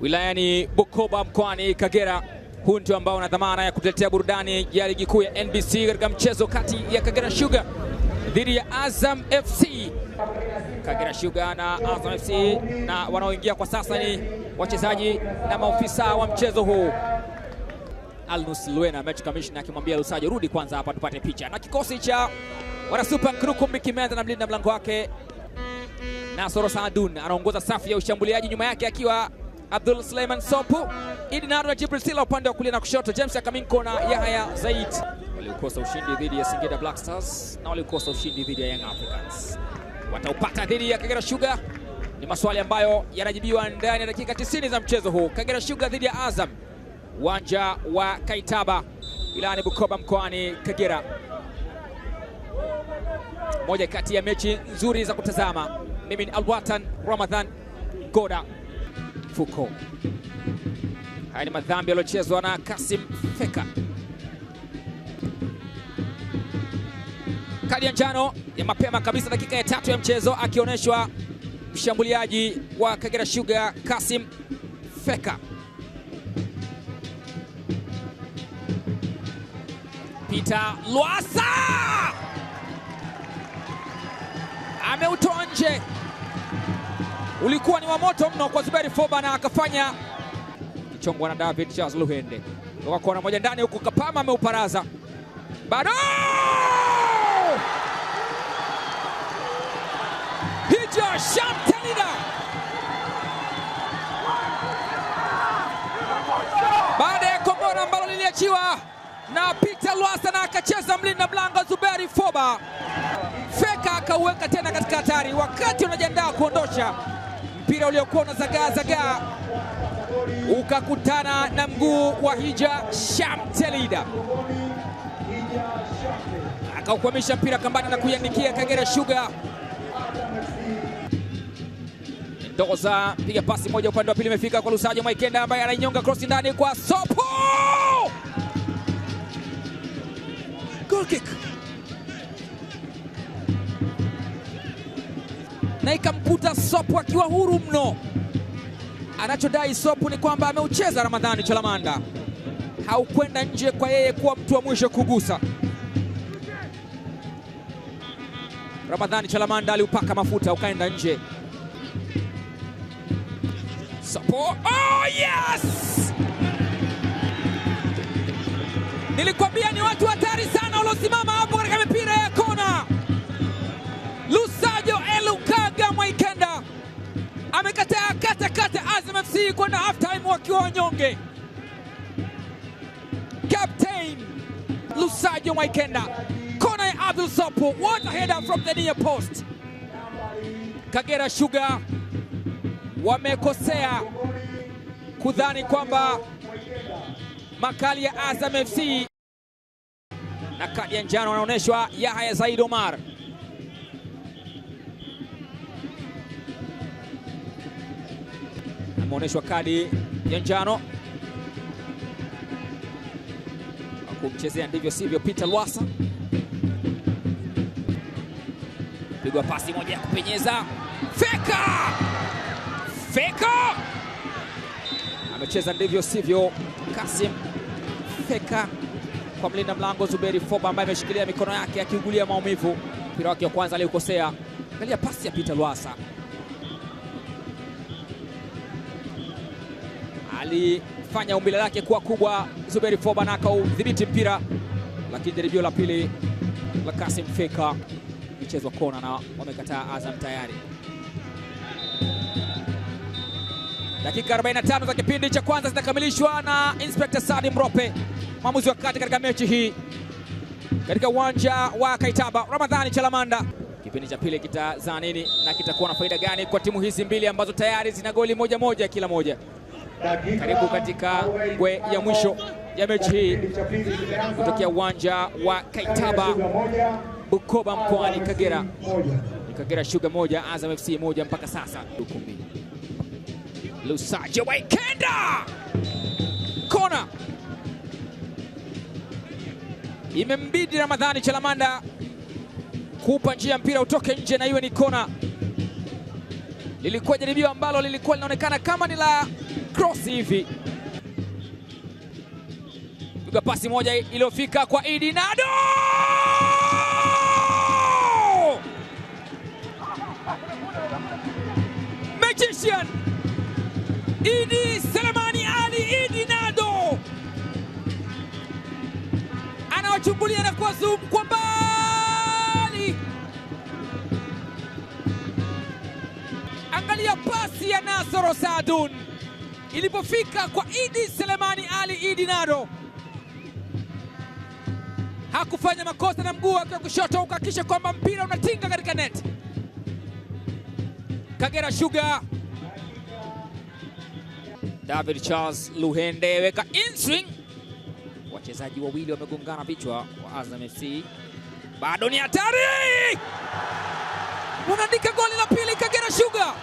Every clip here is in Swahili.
wilayani Bukoba mkoani Kagera. Huu ndio ambao una dhamana ya kutetea burudani ya ligi kuu ya NBC katika mchezo kati ya Kagera Sugar dhidi ya Azam FC. Kagera Sugar na Azam FC, na wanaoingia kwa sasa ni wachezaji na maofisa wa mchezo huu. Alnus Luena match commissioner akimwambia Lusajo, rudi kwanza hapa tupate picha, na kikosi cha wana Super Nkrumah kimeanza na mlinda mlango wake Nasoro Saadun anaongoza safu ya ushambuliaji, nyuma yake akiwa Abdul Suleiman Sompu, Idi Naro Jibril Sila upande wa kulia na kushoto, James Akaminko na Yahaya Zaid waliokosa ushindi dhidi ya Singida Black Stars na waliokosa ushindi dhidi ya Young Africans wataupata dhidi ya Kagera Sugar? Ni maswali ambayo yanajibiwa ndani ya dakika 90 za mchezo huu. Kagera Sugar dhidi ya Azam, uwanja wa Kaitaba wilayani Bukoba mkoani Kagera. Moja kati ya mechi nzuri za kutazama. Mimi ni Alwatan Ramadhan Goda mfuko. Haya ni madhambi yaliyochezwa na Kasim Feka. Kadi ya njano ya mapema kabisa dakika ya tatu ya mchezo, akionyeshwa mshambuliaji wa Kagera Sugar Kasim Feka. Peter Lwasa ameutoa nje ulikuwa ni wa moto mno kwa Zuberi Foba na akafanya kichongwa na David Charles Luhende toka kona moja ndani, huku Kapama ameuparaza bado hicho shamtelida baada ya kombora ambalo liliachiwa na Peter Lwasa na akacheza mlinda mlango Zuberi Foba, feka akauweka tena katika hatari, wakati unajiandaa kuondosha mpira uliokuwa unazagaa zagaa ukakutana na mguu wa Hija Shamtelida akaukwamisha mpira kambani na kuiandikia Kagera Sugar. Ndoza piga pasi moja upande wa pili, imefika kwa Lusajo Mwaikenda ambaye anainyonga krosi ndani kwa Sopo, goal kick na ikamkuta Sopu akiwa huru mno. Anachodai Sopu ni kwamba ameucheza Ramadhani Chalamanda, haukwenda nje kwa yeye kuwa mtu wa mwisho kugusa. Ramadhani Chalamanda aliupaka mafuta ukaenda nje. Sopu, oh yes! Nilikwambia ni watu watatu. hii kwenda half time wakiwa wanyonge. Captain Lusajo Mwaikenda, kona ya Abdul Sopo, what a header from the near post. Kagera Sugar wamekosea kudhani kwamba makali ya Azam FC na kadi ya njano wanaonyeshwa Yahya Zaid Omar. ameonyeshwa kadi ya njano kumchezea ndivyo sivyo Peter Lwasa. Pigwa pasi moja ya kupenyeza, Feka Feka amecheza ndivyo sivyo Kasim Feka kwa mlinda mlango Zuberi Foba ambaye ameshikilia mikono yake akiugulia maumivu. Mpira wake wa kwanza aliukosea. Angalia pasi ya Peter Lwasa. alifanya umbile lake kuwa kubwa, Zuberi Foba na akaudhibiti mpira, lakini jaribio la pili la Kasim Feka ichezwa kona na wamekataa Azam tayari. Dakika 45 za kipindi cha kwanza zinakamilishwa na Inspector Sadi Mrope, mwamuzi wa kati katika mechi hii katika uwanja wa Kaitaba. Ramadhani Chalamanda, kipindi cha pili kitazaa nini na kitakuwa na faida gani kwa timu hizi mbili ambazo tayari zina goli moja moja kila moja. Karibu katika ngwe ya mwisho ya mechi hii kutokea uwanja wa Kaitaba Bukoba mkoani Kagera. Kagera Sugar moja Azam FC moja mpaka sasa. Ukumbi. Lusaje Waikenda. Kona. Imembidi Ramadhani Chalamanda kuupa njia mpira utoke nje na iwe ni kona. Lilikuwa jaribio ambalo lilikuwa linaonekana kama ni la cross hivi, piga pasi moja iliyofika kwa Idi Nado, magician Idi Selemani Ali Idi Nado anawachungulia na kwa zoom kwa mbali, angalia pasi ya Nasoro sadun ilipofika kwa Idi Selemani Ali Idi Nado hakufanya makosa na mguu wake wa kushoto ukahakisha kwamba mpira unatinga katika net. Kagera Sugar, David Charles Luhende weka swing, Wachezaji wawili wamegongana vichwa wa Azam FC, bado ni hatari, wanaandika goli la pili Kagera Sugar.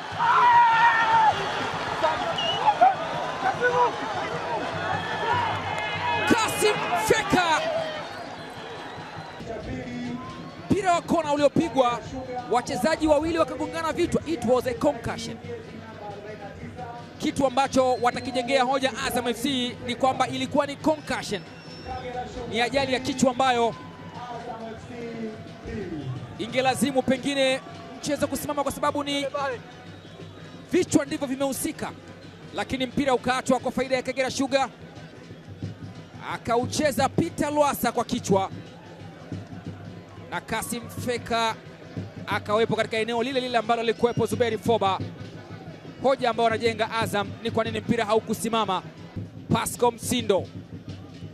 Simfeka, mpira wa kona uliopigwa, wachezaji wawili wakagongana vichwa. It was a concussion, kitu ambacho watakijengea hoja Azam FC ni kwamba ilikuwa ni concussion, ni ajali ya kichwa ambayo ingelazimu pengine mchezo kusimama, kwa sababu ni vichwa ndivyo vimehusika, lakini mpira ukaachwa kwa faida ya Kagera Sugar akaucheza Peter Lwasa kwa kichwa na Kasim Feka akawepo katika eneo lile lile ambalo alikuwepo Zuberi Foba. Hoja ambayo anajenga Azam ni kwa nini mpira haukusimama. Pasco Msindo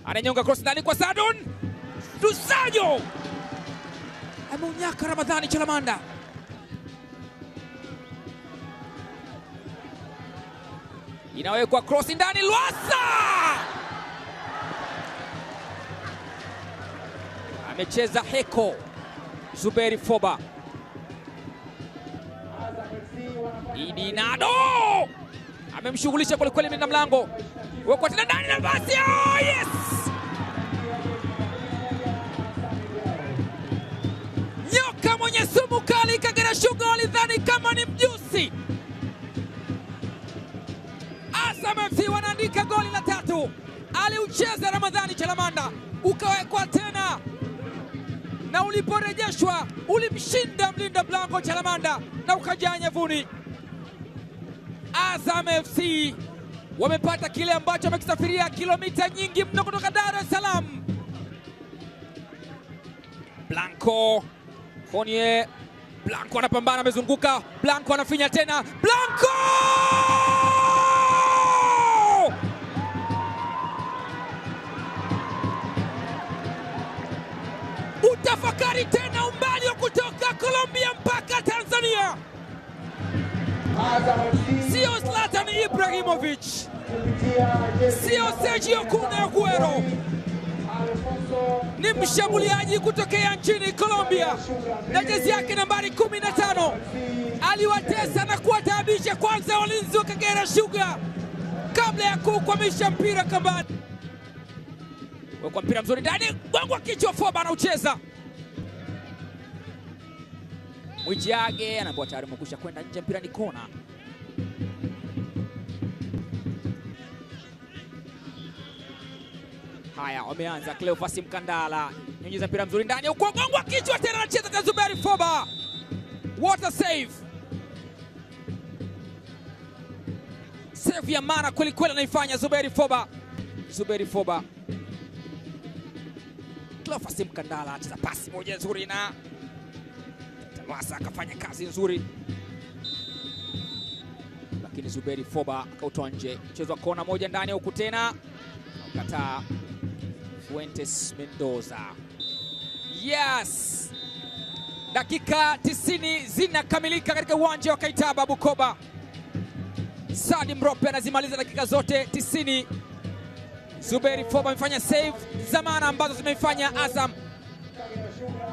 ananyonga cross ndani kwa Sadun Dusajo, ameunyaka Ramadhani Chalamanda. Inawekwa cross ndani Lwasa amecheza Heko Zuberi Foba Idi Nado amemshughulisha kwelikweli mlinda mlango wekwa tena ndani nafasi, oh, yes! Nyoka mwenye sumu kali Kagera Sugar walidhani kama ni mjusi. Azam FC wanaandika goli la tatu, aliucheza Ramadhani Chalamanda ukawekwa tena na uliporejeshwa ulimshinda mlinda mlango Chalamanda na ukajaa nyavuni. Azam FC wamepata kile ambacho wamekisafiria kilomita nyingi mno kutoka Dar es Salaam. Blanco Konye, Blanco anapambana, amezunguka, Blanco anafinya tena, Blanco! tafakari tena umbali wa kutoka Colombia mpaka Tanzania. Sio Zlatan Ibrahimovic, sio Sergio Kun Aguero, ni mshambuliaji kutokea nchini Colombia na jezi yake nambari 15. Aliwatesa na kuwataabisha kwanza walinzi wa Kagera Sugar kabla ya kuukwamisha mpira kambani. Wekwa mpira mzuri ndani, gongwa kichwa, foba anaucheza. Mwijage anaambiwa tayari umekwisha kwenda nje, mpira ni kona. Haya, wameanza Cleophas Mkandala, nyinyiza mpira mzuri ndani, ukogongwa kichwa tena, anacheza na Zuberi Foba. What a save! Save ya mara kweli kweli anaifanya Zuberi Foba. Zuberi Foba, Cleophas Mkandala acheza pasi moja nzuri na Mombasa akafanya kazi nzuri, lakini Zuberi Foba akautoa nje. Mchezo wa kona moja ndani huku tena kataa Fuentes Mendoza. Yes! Dakika 90 zinakamilika katika uwanja wa Kaitaba Bukoba. Sadi Mrope anazimaliza dakika zote 90. Zuberi Foba amefanya save za maana ambazo zimefanya Azam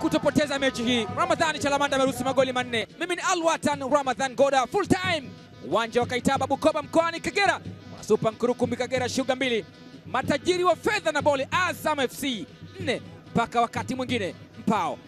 kutopoteza mechi hii. Ramadhani Chalamanda ameruhusu magoli manne. Mimi ni Alwatan Ramadhan Goda, full time, uwanja wa Kaitaba Bukoba, mkoani Kagera. Super Nkurukumbi Kagera shuga mbili, matajiri wa fedha na boli Azam FC nne. Mpaka wakati mwingine, mpao.